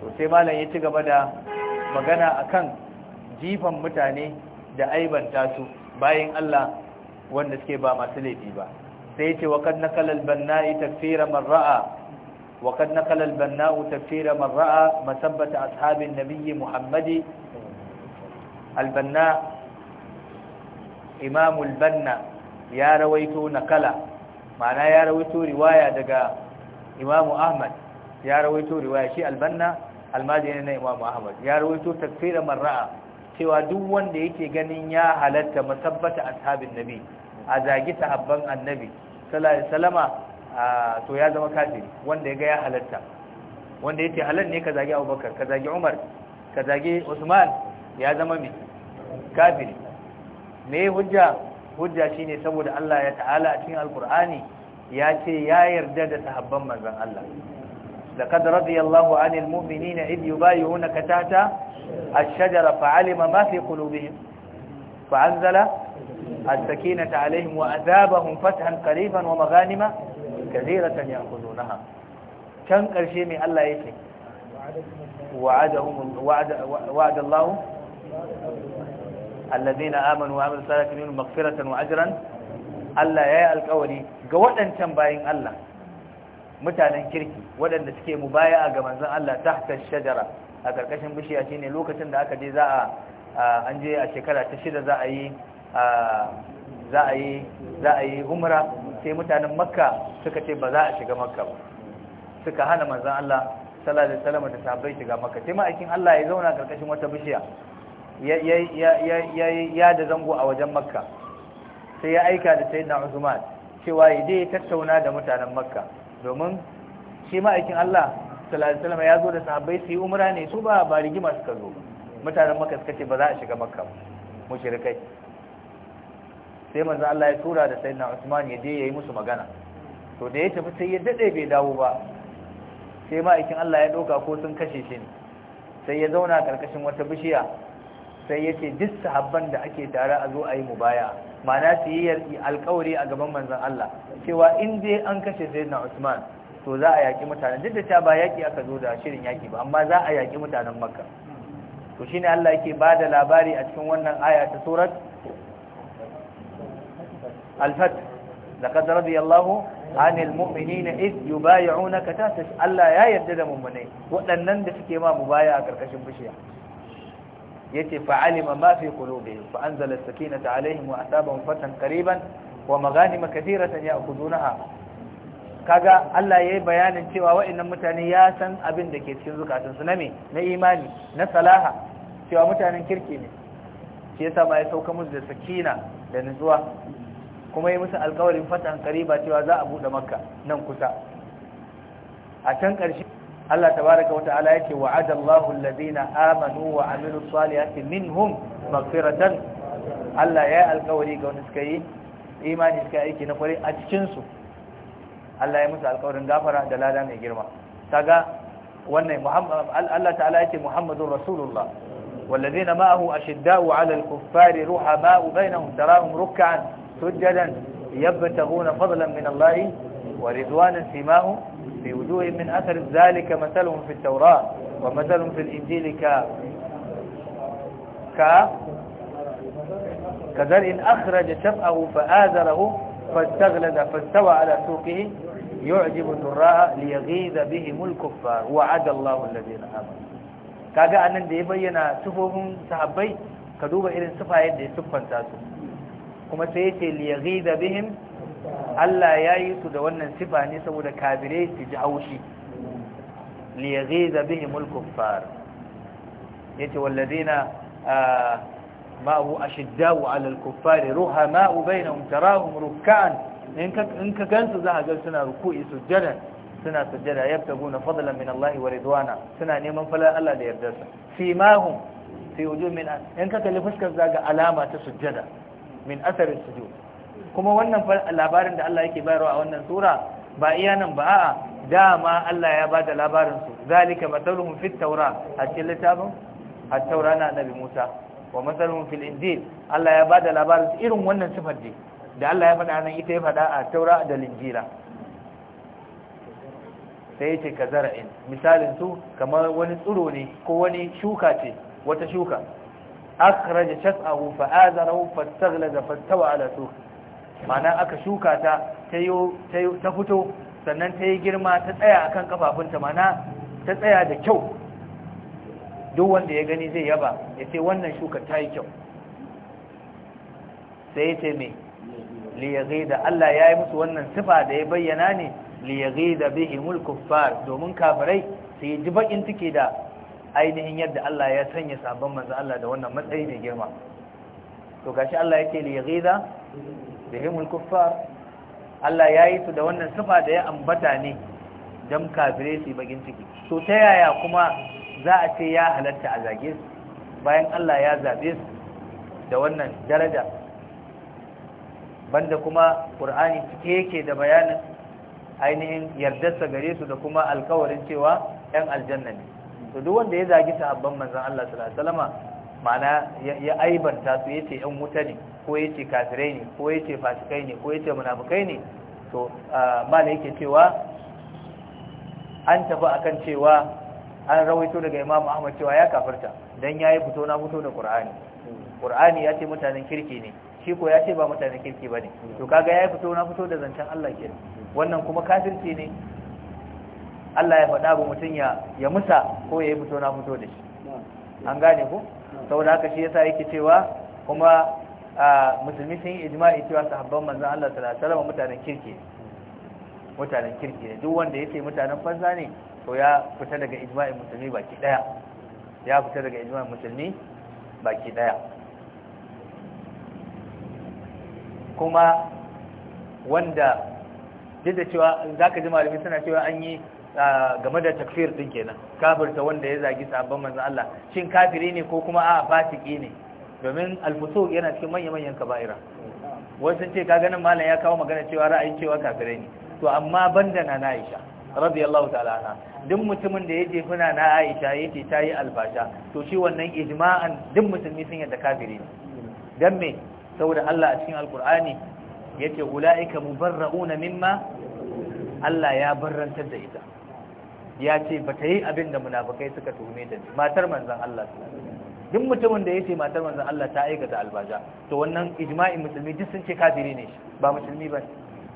to sai malam ya ci gaba da magana akan jifan mutane da aibanta su bayan Allah wanda suke ba masu laifi ba sai ce wa kad nakala al-banna'i tafsira man ra'a wa kad nakala al-banna'u tafsira man ra'a masabbata ashabin nabiyyi Muhammad. al-banna imam al-banna ya rawaito nakala ma'ana ya rawaito riwaya daga imam ahmad ya rawaito riwaya shi al-banna al-madini na imam ahmad ya rawaito tafsira man ra'a cewa duk wanda yake ganin ya halatta musabbata ashabin nabi a zagi sahabban annabi sallallahu alaihi wasallama to ya zama kafiri wanda ya ga ya halatta wanda yake halal ne ka zagi Abubakar ka zagi Umar ka zagi Usman ya zama mai kafiri me hujja hujja shine saboda Allah ya ta'ala a cikin Alqur'ani ya ce ya yarda da sahabban manzon Allah لقد رضي الله عن المؤمنين إذ يبايعونك تحت الشجرة فعلم ما في قلوبهم فأنزل السكينة عليهم وأذابهم فتحا قريبا ومغانم كثيرة يأخذونها كان قرشي من الله يكي وعدهم وعد, وعد الله الذين آمنوا وعملوا الصالحات منهم مغفرة وأجرا الله يا القولي كم باين الله mutanen kirki waɗanda suke mubaya ga manzon Allah ta tahta shajara a karkashin bishiya shine lokacin da aka je za a an je a shekara ta shida za a yi za a yi za a yi umra sai mutanen makka suka ce ba za a shiga makka ba suka hana manzon Allah sallallahu alaihi wasallam ta sahabbai shiga makka sai ma'aikin Allah ya zauna karkashin wata bishiya ya ya ya da zango a wajen makka sai ya aika da sayyidina Uthman cewa ya je tattauna da mutanen makka domin shi ma'aikin Allah sallallahu ya zo da sahabbai su yi umra ne su ba ba rigima suka zo mutanen maka suka ce ba za a shiga makka mushrikai sai manzo Allah ya tura da sayyidina Usman ya je yayi musu magana to da ya tafi sai ya dade bai dawo ba sai ma'aikin Allah ya ɗauka ko sun kashe shi ne sai ya zauna karkashin wata bishiya sai ya ce duk sahabban da ake tare a zo a yi mubaya mana su yi alkawari a gaban manzan Allah cewa in dai an kashe sayyidina Usman to za a yaki mutanen duk da ta ba yaki aka zo da shirin yaki ba amma za a yaki mutanen Makka to shine Allah yake da labari a cikin wannan aya ta surat al-fath laqad radiyallahu anil mu'minina id yubay'unaka tahta Allah ya yarda da mu'minai waɗannan da suke ma mubaya a karkashin bishiya yace fa alima ma fi qulubihim fa anzala as-sakinata alaihim wa asabahum fatan qariban wa maghanima katiratan ya'khudunaha kaga Allah yayi bayanin cewa waɗannan mutane ya san abin da ke cikin zukatun su na me na imani na salaha cewa mutanen kirki ne shi yasa ma ya sauka musu da sakina da nutsuwa kuma yi musu alƙawarin fatan qariba cewa za a buɗe makka nan kusa a can ƙarshe Allah tabaraka wa ta'ala yake wa'ada Allahu alladhina amanu wa amilus salihati minhum maghfiratan Allah ya alƙawari ga wanda suka yi imani suka aiki na kwarai a cikin su Allah ya musu alƙawarin gafara da lada mai girma kaga wannan Allah ta'ala yake Muhammadur Rasulullah والذين معه أشداء على الكفار رحماء بينهم تراهم ركعا سجدا يبتغون فضلا من الله ورضوانا سماه في وجوه من أثر ذلك مثلهم في التوراة ومثلهم في الإنجيل ك ك كذل أخرج شفأه فآذره فاستغلد فاستوى على سوقه يعجب الدراء ليغيظ بهم الكفار وعد الله الذين آمنوا كاجا أن da ya bayyana sufofin sahabbai الى duba irin sufa yadda ya siffanta su بهم Allah ya yi su da wannan sifa ne saboda kabirai su ji haushi li yaghiza bihim al-kuffar yace walladina ah, ma'u ashiddau 'ala al-kuffar ruhama'u bainahum tarahum ruk'an in ka in ka gansu za a ga suna ruku'i sujjada suna sujjada yabtaguna fadlan min Allah wa ridwana suna neman falal Allah da yardarsa simahum fi wujuh min in ka kalli fuskar zaga alama ta sujjada min athar as-sujud kuma wannan labarin da Allah yake bayarwa a wannan sura ba iya nan ba a'a dama Allah ya bada labarin su zalika mathaluhum fit taura a cikin littafin A taura na annabi Musa wa mathaluhum fil injil Allah ya bada labarin su irin wannan sifar dai da Allah ya faɗa nan ita ya faɗa a taura da linjira. sai ya ce ka zara'in misalin su kamar wani tsiro ne ko wani shuka ce wata shuka akhraja shas'ahu fa'azarahu fastaghlaza fastawa ala suq ma'ana aka shuka ta ta fito sannan ta yi girma ta tsaya a kan kafafunta mana ta tsaya da kyau duk wanda ya gani zai yaba ya ce wannan shuka ta yi kyau sai ya ce mai liyagai da Allah ya yi musu wannan sifa da ya bayyana ne liyagai da bihi mulku far domin kafirai sai ya ji bakin take da ainihin yadda Allah ya sanya sabon manzan Allah da wannan matsayi da girma to gashi Allah ya ce bihimul kuffar Allah ya yi su da wannan sifa da ya ambata ne don kafire su bakin ciki to ta yaya kuma za a ce ya halatta a zage su bayan Allah ya zabe su da wannan daraja banda kuma ƙur'ani cike yake da bayanin ainihin yardarsa gare su da kuma alkawarin cewa 'yan aljanna ne to duk wanda ya zagi sahabban manzon Allah sallallahu alaihi ma'ana ya aibanta su yace yan wuta ne ko yace kafirai ne ko yace fasikai ne ko yace munafukai ne to mala yake cewa an tafi a kan cewa an rawaito daga Imam Ahmad cewa ya kafirta dan yi fito na fito da Qur'ani Qur'ani ya ce mutanen kirki ne shi ko ya ce ba mutanen kirki bane to kaga yi fito na fito da zancen Allah ke wannan kuma kafirci ne Allah ya faɗa ba mutum ya musa ko ya yi fito na fito da shi an gane ku saboda haka shi yasa yake cewa kuma musulmi sun yi ijma'i cewa sahabban manzon Allah sallallahu alaihi wasallam mutanen kirki mutanen kirki ne duk wanda yake mutanen fansa ne to ya fita daga ijma'i musulmi baki daya ya fita daga ijma'i musulmi baki daya kuma wanda duk da cewa zaka ji malami suna cewa an yi game da takfir din kenan kafirta wanda ya zagi sabon manzon Allah shin kafiri ne ko kuma a fasiki ne domin alfusuq yana cikin manya-manyan kaba'ira wai sun ce kaga nan malam ya kawo magana cewa ra'ayin cewa kafirai ne to amma banda na Aisha radiyallahu ta'ala anha duk mutumin da ya kuna na Aisha yace tayi yi albasha to shi wannan ijma'an duk musulmi sun yarda kafire ne dan me saboda Allah a cikin alqur'ani yace ulaika mubarra'una mimma Allah ya barrantar da ita ya ce ba ta yi abin da munafukai suka tuhume ni. matar manzan Allah duk mutumin da ya ce matar manzan Allah ta aikata albaja to wannan ijma'in musulmi duk sun ce kafiri ne ba musulmi ba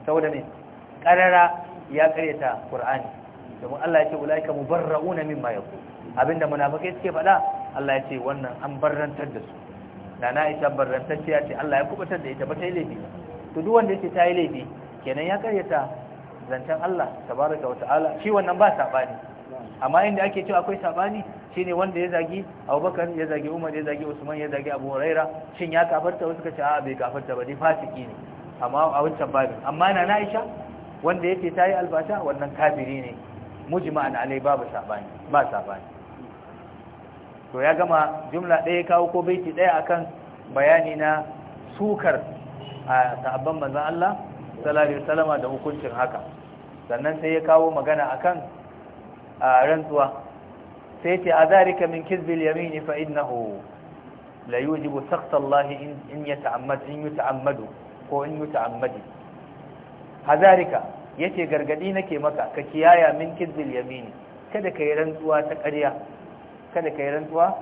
saboda ne karara ya karyata Qur'ani domin Allah ya ce ulaika mubarrauna mimma yaqul abinda munafukai suke faɗa Allah ya ce wannan an barrantar da su nana Aisha barrantacciya ce Allah ya kubutar da ita ba ta yi laifi to duk wanda yake ta yi laifi kenan ya karyata zancen Allah tabaraka wa ta'ala shi wannan ba sabani amma inda ake cewa akwai sabani shine wanda ya zagi Abubakar ya zagi Umar ya zagi Usman ya zagi Abu Huraira shin ya kafarta wasu kace a bai kafarta ba dai fasiki ne amma a wancan babin amma na Aisha wanda yake tayi albasha wannan kafiri ne mujma'an alai babu sabani ba sabani to ya gama jumla ɗaya kawo ko baiti ɗaya akan bayani na sukar a sahabban manzon Allah sallallahu alaihi wasallama da hukuncin haka sannan sai ya kawo magana akan rantsuwa sai ce a zarika min kizbil yamini fa innahu la yujibu saqta Allah in yata'ammad in yata'ammadu ko in yata'ammadi hazarika yace gargadi nake maka ka kiyaya min kizbil yamini kada kai rantsuwa ta ƙarya kada kai rantsuwa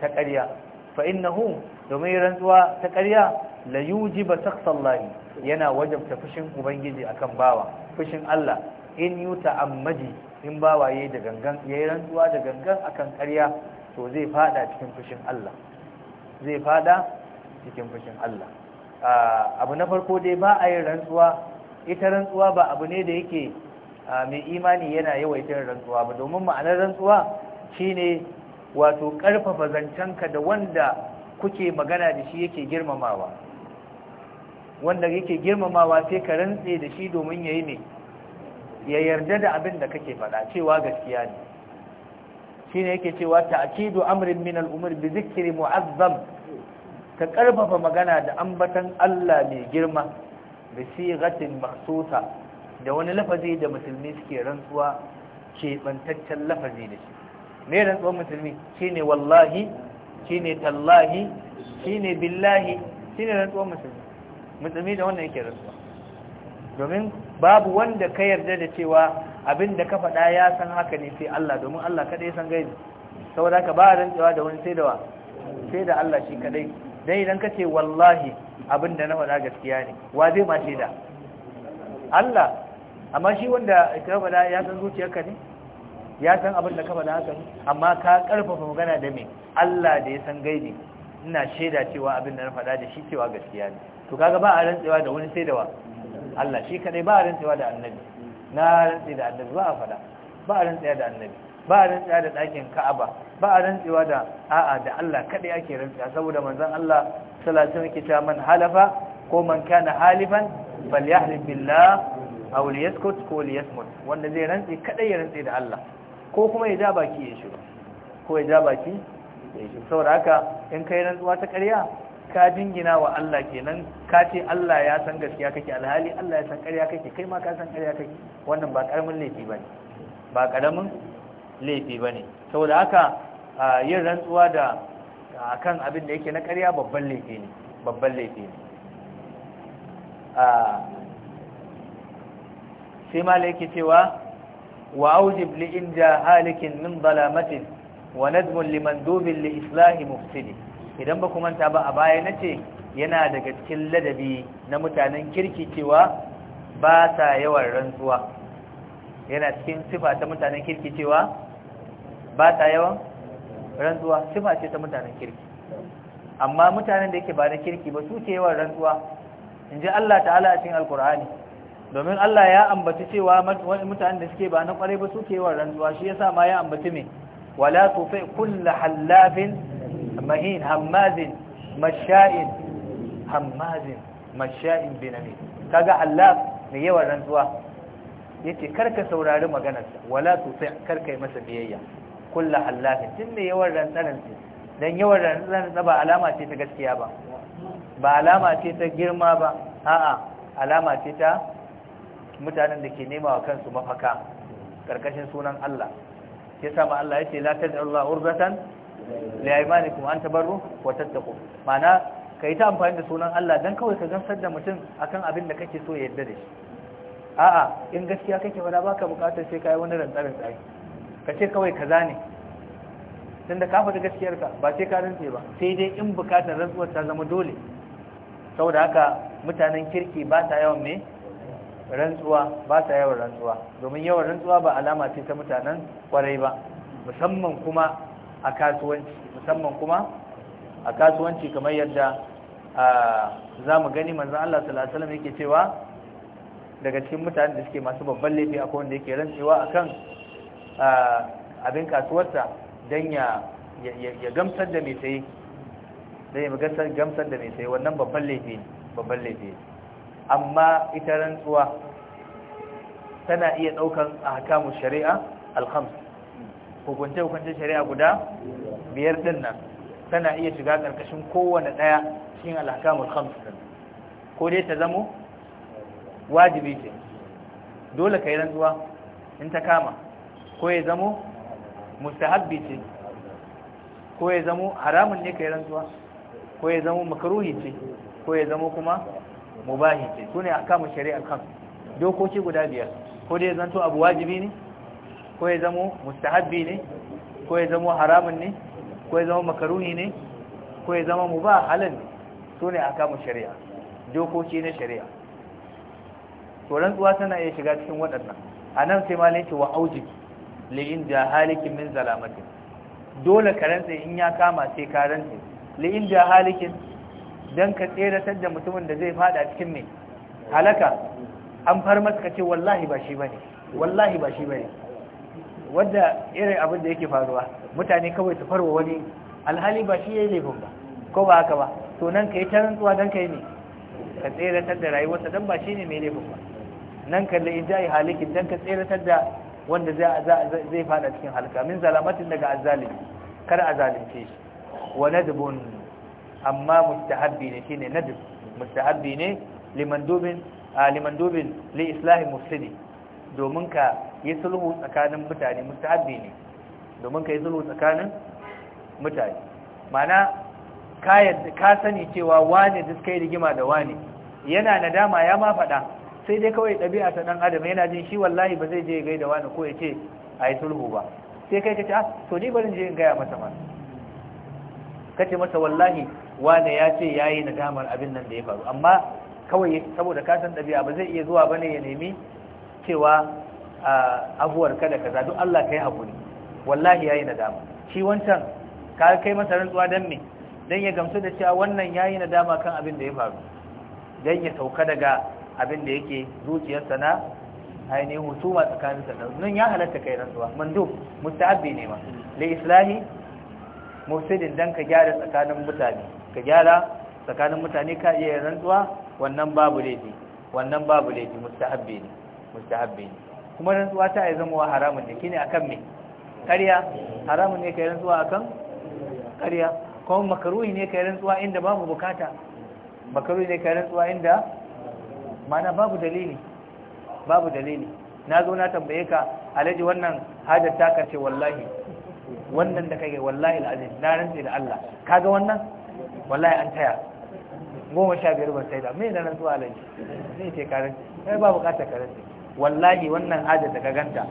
ta ƙarya fa innahu domin rantsuwa ta ƙarya la yujiba taqsallahi yana wajabta fushin ubangiji akan bawa fushin Allah in yuta ammaji in bawa yayi da gangan yayi rantsuwa da gangan akan ƙarya to zai fada cikin fushin Allah zai fada cikin fushin Allah abu na farko dai ba a yi rantsuwa ita rantsuwa ba abu ne da yake mai imani yana ita rantsuwa ba domin ma'anar rantsuwa shine wato karfafa zancenka da wanda kuke magana da shi yake girmamawa wanda yake girmamawa sai ka rantse da shi domin yayi ne ya yarda da abin da kake faɗa cewa gaskiya ne shine yake cewa ta'kidu amrin min al-umur bi zikri mu'azzam ka karfafa magana da ambatan Allah mai girma bi sigatin makhsusa da wani lafazi da musulmi suke rantsuwa ke bantaccen lafazi da shi me rantsuwar musulmi shine wallahi shine tallahi shine billahi shine rantsuwar musulmi mutsumi da wannan yake rasuwa domin babu wanda ka yarda da cewa abin da ka faɗa ya san haka ne sai Allah domin Allah ya san gaibi saboda ka ba rantsewa da wani sai da wa sai da Allah shi kaɗai dan idan ka ce wallahi abin da na faɗa gaskiya ne wa zai ma da? Allah amma shi wanda ka faɗa ya san zuciyarka ne ya san abin da ka faɗa haka ne amma ka ƙarfafa magana da me Allah da ya san gaibi ina shaida cewa abin da na faɗa da shi cewa gaskiya ne to kaga ba a rantsewa da wani sai da wa Allah shi kadai ba a rantsewa da annabi na rantsi da annabi ba a fada ba a rantsewa da annabi ba a rantsewa da ɗakin Ka'aba ba a rantsewa da a'a da Allah kadai ake rantsewa saboda manzon Allah sallallahu alaihi wasallam ke cewa man halafa ko man kana halifan falyahlif billah aw liyaskut ko liyasmut wanda zai rantsi, kadai ya rantsi da Allah ko kuma ya ja baki ya shiru ko ya ja baki ya shiru saboda haka in kai rantsuwa ta ƙarya ka jingina wa Allah kenan ka ce Allah ya san gaskiya kake alhali Allah ya san ƙarya kake kai ma ka san ƙarya kake wannan ba ƙaramin laifi bane ba ƙaramin laifi bane saboda haka yin rantsuwa da akan abin da yake na ƙarya babban laifi ne babban laifi ne sai mala yake cewa wa aujib li inda halikin min zalamatin wa nadmun liman dubin li islahi mufsidin idan ba manta ba a baya na ce yana daga cikin ladabi na mutanen kirki cewa ba sa yawan rantsuwa yana cikin sifa ta mutanen kirki cewa ba sa yawan rantsuwa sifa ce ta mutanen kirki amma mutanen da yake ba na kirki ba su ke yawan rantsuwa in ji Allah ta'ala a cikin alkur'ani domin Allah ya ambaci cewa mutanen da suke ba na kwarai ba su ke yawan rantsuwa shi yasa ma ya ambaci me wala tufi kullu hallafin mahin hammazin masha'in hammazin masha'in binamin kaga Allah mai yawan rantsuwa yace karka saurari maganarsa wala tuti karka yi masa biyayya kullu hallafin tun mai yawan rantsaran su dan yawan rantsaran ba alama ce ta gaskiya ba ba alama ce ta girma ba a'a alama ce ta mutanen da ke nema wa kansu mafaka karkashin sunan Allah yasa ma Allah yace la tad'u Allah urzatan li kuma an tabarru wa tattaqu mana kai ta amfani da sunan Allah dan kawai ka gamsar da mutum akan abin da kake so ya yarda da shi a'a in gaskiya kake wala baka bukatar sai kai wani rantsarin tsari ka ce kawai kaza ne tunda ka faɗi gaskiyarka ba sai ka rantse ba sai dai in bukatar rantsuwar ta zama dole saboda haka mutanen kirki ba ta yawan me rantsuwa ba ta yawan rantsuwa domin yawan rantsuwa ba alama ce ta mutanen kwarai ba musamman kuma a kasuwanci musamman kuma a kasuwanci kamar yadda za mu gani manzan Allah salasalam yake cewa daga cikin mutane da suke masu babban laifi a wanda yake rantsewa kan abin kasuwarsa don ya gamsar da mai sai don ya gamsar da mai sai wannan babban laifi babban laifi amma ita rantsuwa tana iya ɗaukan a hakamun shari'a alhams hukunce-hukunce shari'a guda biyar din nan tana iya shiga karkashin kowane ɗaya cikin alhakamul khams din ko dai ta zamo wajibi ce dole ka yi rantsuwa in ta kama ko ya zamo mustahabbi ce ko ya zamo haramun ne ka yi rantsuwa ko ya zamo makruhi ce ko ya zamo kuma mubahi ce sune ne a kama shari'a kan dokoki guda biyar ko dai zanto abu wajibi ne ko ya zamo mustahabbi ne ko ya zamo haramun ne ko ya zama makaruni ne ko ya zama mu ba ne su ne kama shari'a dokoki na shari'a to rantsuwa tana iya shiga cikin waɗannan anan sai malai ce wa auji li'in halikin min zalamatin dole ka in ya kama sai ka rantsa li'in halikin? dan ka tsere da mutumin da zai fada cikin mai halaka an far maka ce wallahi ba shi bane wallahi ba shi bane wadda irin abin da yake faruwa mutane kawai su farwa wani alhali ba shi yayi laifin ba ko ba haka ba to nan kai ta rantsuwa dan kai ne ka tseratar da sa dan ba shi ne mai laifin ba nan kalli in ja'i halikin dan ka tseratar da wanda zai fada cikin halka min zalamatin daga azzalimi kar a zalunce shi wa nadbun amma mustahabbi ne shine nadb mustahabbi ne limandubin limandubin li islahi domin ka yi sulhu tsakanin mutane mustahabbi ne domin ka yi sulhu tsakanin mutane mana ka sani cewa wane duk yi rigima da wane yana nadama ya ma faɗa sai dai kawai ɗabi'a ta ɗan adam yana jin shi wallahi ba zai je gai da wani ko ya ce a yi sulhu ba sai kai ka ce ah to ni barin je in gaya masa ma ka ce masa wallahi wane ya ce ya yi nadamar abin nan da ya faru amma kawai saboda kasan ɗabi'a ba zai iya zuwa ba ne ya nemi cewa abuwar kada kaza duk Allah kai hakuri wallahi yayi nadama shi wancan ka kai masa rantsuwa dan me dan ya gamsu da cewa wannan yayi nadama kan abin da ya faru dan ya sauka daga abin da yake zuciyarsa na ainihin husuma tsakanin sannan nan ya halatta kai rantsuwa mandub musta'abi ne ma li islahi mufsidin dan ka gyara tsakanin mutane ka gyara tsakanin mutane ka iya rantsuwa wannan babu laifi wannan babu laifi mustahabbi ne mustahabbi ne kuma rantsuwa ta yi zama wa haramun ne kine akan me ƙarya haramun ne kai rantsuwa akan ƙarya kuma makaruhi ne kai rantsuwa inda babu bukata makaruhi ne kai rantsuwa inda mana babu dalili babu dalili na zo na tambaye ka alaji wannan hajar ta kace wallahi wannan da kake wallahi alazim na rantsi da Allah kaga wannan wallahi an taya goma sha biyar ban sai da me na rantsuwa alaji ne ce ka rantsi sai ba bukatar ka wallahi wannan hajar da ka ganta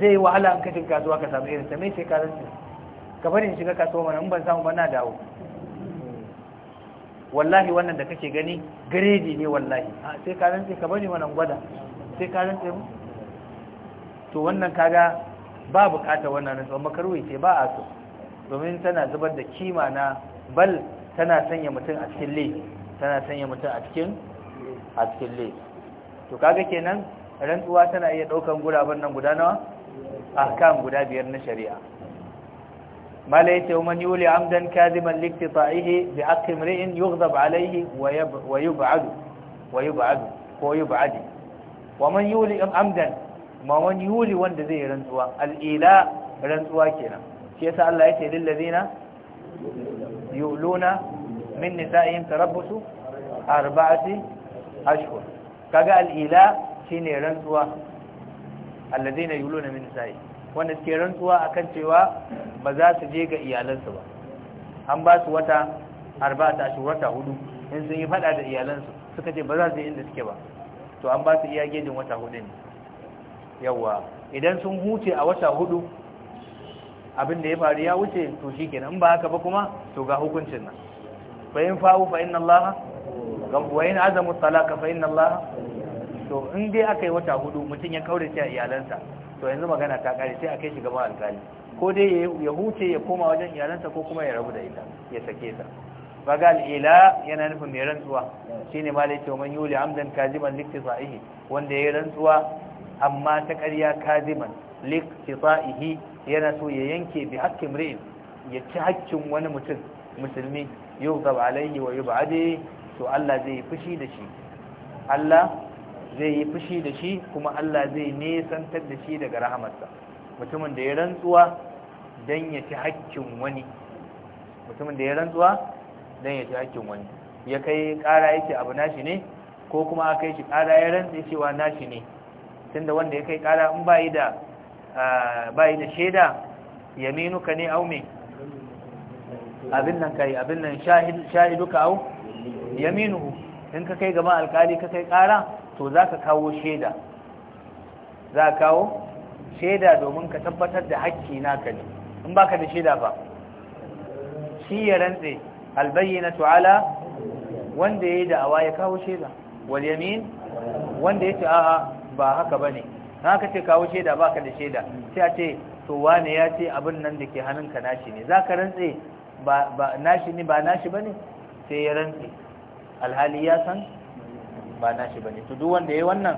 zai yi wahala an kashin kasuwa ka samu irin ta me sai ka rantsa ka bari in shiga kasuwa mana in ban samu ba na dawo wallahi wannan da kake gani gredi ne wallahi sai ka rantsa ka bari mana gwada sai ka rantsa mu to wannan kaga ba bukata wannan rantsa makarwai ce ba a so domin tana zubar da kima na bal tana sanya mutum a cikin laifi tana sanya mutum a cikin a cikin laifi to kaga kenan rantsuwa tana iya daukan guraben nan guda nawa ahkam guda biyar na shari'a mala yace man yuli amdan kadiman liqtita'ihi bi aqi mri'in yughdab alayhi wa yub'ad wa yub'ad ko yub'ad wa man yuli amdan ma man yuli wanda zai rantsuwa al-ila rantsuwa kenan shi yasa Allah yace lil ladina yuluna min nisa'ihim tarabbusu arba'ati ashhur kaga al'ila shine rantsuwa alladheena na min nisa'i wanda suke rantsuwa akan cewa ba za su je ga iyalansu ba an ba su wata arba'ata shi wata hudu in sun yi fada da iyalansu suka ce ba za su yi inda suke ba to an ba su iya gejin wata hudu ne yawa idan sun huce a wata hudu abin da ya faru ya wuce to shikenan in ba haka ba kuma to ga hukuncin nan fa in fa'u fa inna allaha wa in azamu talaka fa inna Allah to in dai aka yi wata hudu mutum ya kaure shi a iyalansa to yanzu magana ta kare sai a kai shi gaban alkali ko dai ya huce ya koma wajen iyalansa ko kuma ya rabu da ita ya sake ta baga ila yana nufin mai rantsuwa shine ma lai man yuli amdan kaziman liktifaihi wanda ya rantsuwa amma ta ƙarya kaziman liktifaihi yana so ya yanke bi haƙƙin ri'in ya ci hakkin wani mutum musulmi yuzab alaihi wa yub'adi to Allah zai yi fushi da shi Allah zai yi fushi da shi kuma Allah zai nesantar da shi daga rahamarsa mutumin da ya rantsuwa dan ya ci haƙƙin wani mutumin da ya rantsuwa dan ya ci haƙƙin wani ya kai ƙara yake abu nashi ne ko kuma aka yi shi ƙara ya rantsi cewa nashi ne tunda wanda ya kai ƙara in bayi da bayi da shaida yaminuka ne au me abin nan kai abin nan shahiduka au yaminuhu in ka kai gaban alkali ka kai kara to za ka kawo shaida za ka kawo shaida domin ka tabbatar da hakki naka ne in ba ka da shaida ba shi ya rantse albayyana tu'ala wanda ya yi da'awa ya kawo shaida wal yamin wanda ya ce a'a ba haka ba ne na ka ce kawo shaida ba ka da shaida sai a ce to wane ya ce abin nan da ke hannunka nashi ne za ka rantse ba nashi ne ba nashi ba ne sai ya rantse alhali ya san ba nashi bane to duk wanda yayi wannan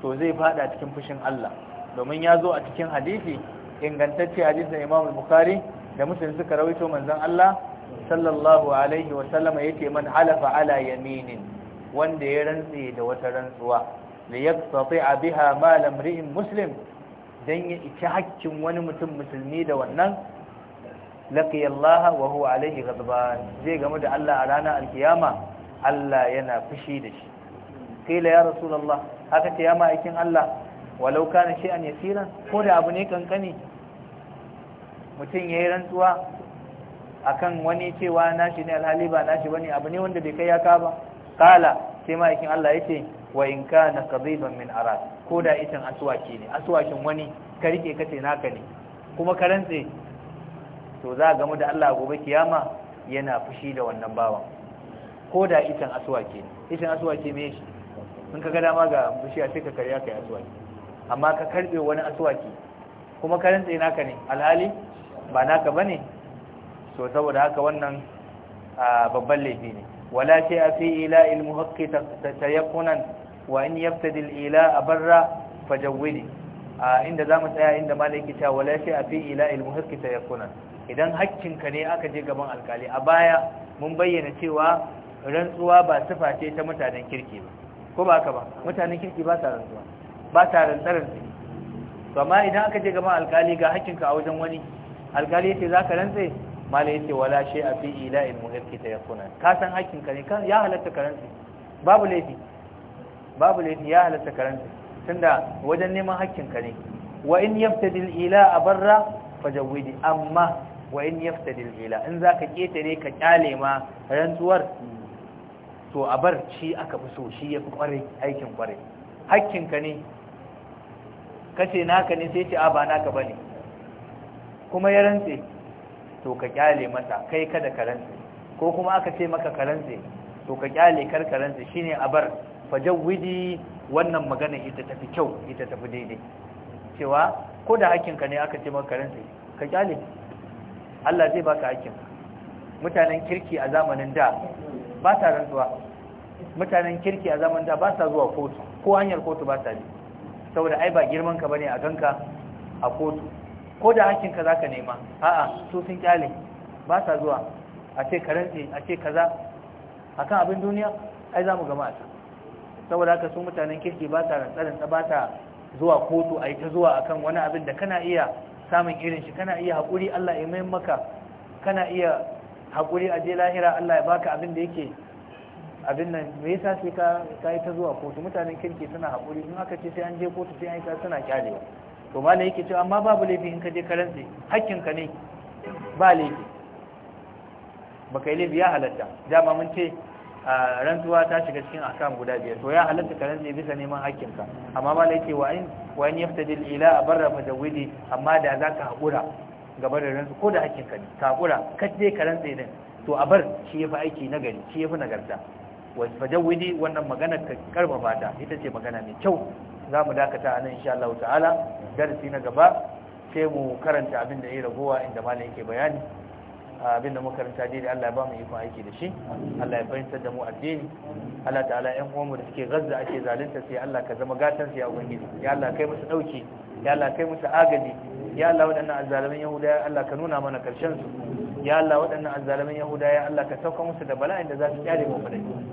to zai fada cikin fushin Allah domin ya zo a cikin hadisi ingantacce hadisin Imam Bukhari da Muslim suka rawaito manzon Allah sallallahu alaihi wa sallama yake man halafa ala yaminin wanda ya rantse da wata rantsuwa li a biha mal imri'in muslim dan ya ici hakkin wani mutum musulmi da wannan laqiya Allah wa huwa alaihi ghadban zai gamu da Allah a ranar alkiyama Allah yana fushi da shi kila ya rasulullah haka ce ya ma'aikin Allah walau kana an yasira ko da abu ne kankani mutum yayi rantsuwa akan wani cewa nashi ne alhali ba nashi bane abu ne wanda bai kai ya ka ba kala sai ma'aikin Allah yace wa in kana qadiban min arad ko da itan asuwaki ne aswakin wani ka rike kace naka ne kuma ka rantse to za a gamu da Allah gobe kiyama yana fushi da wannan bawan ko da itan ne, itan asuwake me shi in ka ga dama ga bishiya sai ka karya kai asuwake? amma ka karbe wani aswaki kuma karin tsaye naka ne alhali ba naka ne? so saboda haka wannan babban laifi ne wala a fi ila ilmu al ta tayaqqunan wa in yabtadi dil ila barra fajawidi inda za mu tsaya inda malaki ta wala a fi ila ilmu al ta tayaqqunan idan hakkinka ne aka je gaban alkali a baya mun bayyana cewa rantsuwa ba sifa ce ta mutanen kirki ba ko ba haka ba mutanen kirki ba sa rantsuwa ba sa rantsarar su to amma idan aka je gaban alkali ga hakinka a wajen wani alkali yace zaka rantse mala yace wala shay a fi ila'il muhirki ta yakuna ka san hakinka ne ya halatta ka rantse babu laifi babu laifi ya halatta ka rantse tunda wajen neman hakinka ne wa in yaftadi al-ila barra fajawidi amma wa in yaftadi al-ila in zaka kete ne ka kyale ma rantsuwar to a bar shi aka fi so shi ya fi kware aikin kware hakkinka ne kace naka ne sai ce a ba naka bane kuma ya rantse to ka kyale masa kai kada ka rantse ko kuma aka ce maka ka rantse to ka kyale kar ka rantse shine a bar fajawidi wannan magana ita tafi kyau ita tafi daidai cewa ko da hakkinka ne aka ce maka ka rantse ka kyale Allah zai baka hakkinka mutanen kirki a zamanin da ba ta rantsuwa mutanen kirki a zaman da ba ta zuwa kotu ko hanyar kotu ba ta ne saboda ai ba girman ka bane a ganka a kotu ko da hakkin ka zaka nema a'a su sun kyale ba ta zuwa a ce karanci a ce kaza akan abin duniya ai za mu gama a can saboda haka su mutanen kirki ba rantsa rantsarin ba ta zuwa kotu a yi ta zuwa akan wani abin da kana iya samun irin shi kana iya haƙuri Allah ya mayin maka kana iya hakuri a je lahira Allah ya baka abin da yake abin nan me yasa sai ka kai ta zuwa kotu mutanen kirki suna hakuri in aka ce sai an je kotu sai an ka suna kyalewa to malai yake cewa amma babu laifi in ka je ka hakkin ka ne ba laifi baka yi laifi ya halatta dama mun ce rantsuwa ta shiga cikin akam guda biyar to ya halatta ka rantse bisa neman hakkin ka amma malai yake wa in wa in yaftadil ila barra majawidi amma da zaka hakura. gaba da ransu ko da hakkin ka ne kakura ka rantse din to a bar shi yafi aiki nagari shi yafi nagarta wa fajawidi wannan magana ka karfafa ta ita ce magana mai kyau za mu dakata a nan insha Allah ta'ala darasi na gaba sai mu karanta abin da ya ragowa inda malam yake bayani Abin da muka rinta dai Allah ya ba mu ikon aiki da shi Allah ya fahimtar da mu addini Allah ta'ala ƴan uwanmu da suke gazza ake zalunta sai Allah ka zama gatan su ya ubangiji ya Allah kai musu dauki ya Allah kai musu agaji ya Allah waɗannan azzalumin yahuda ya Allah ka nuna mana karshen su ya Allah waɗannan azzalumin yahuda ya Allah ka sauka musu da bala'in da za su kyale mu fadai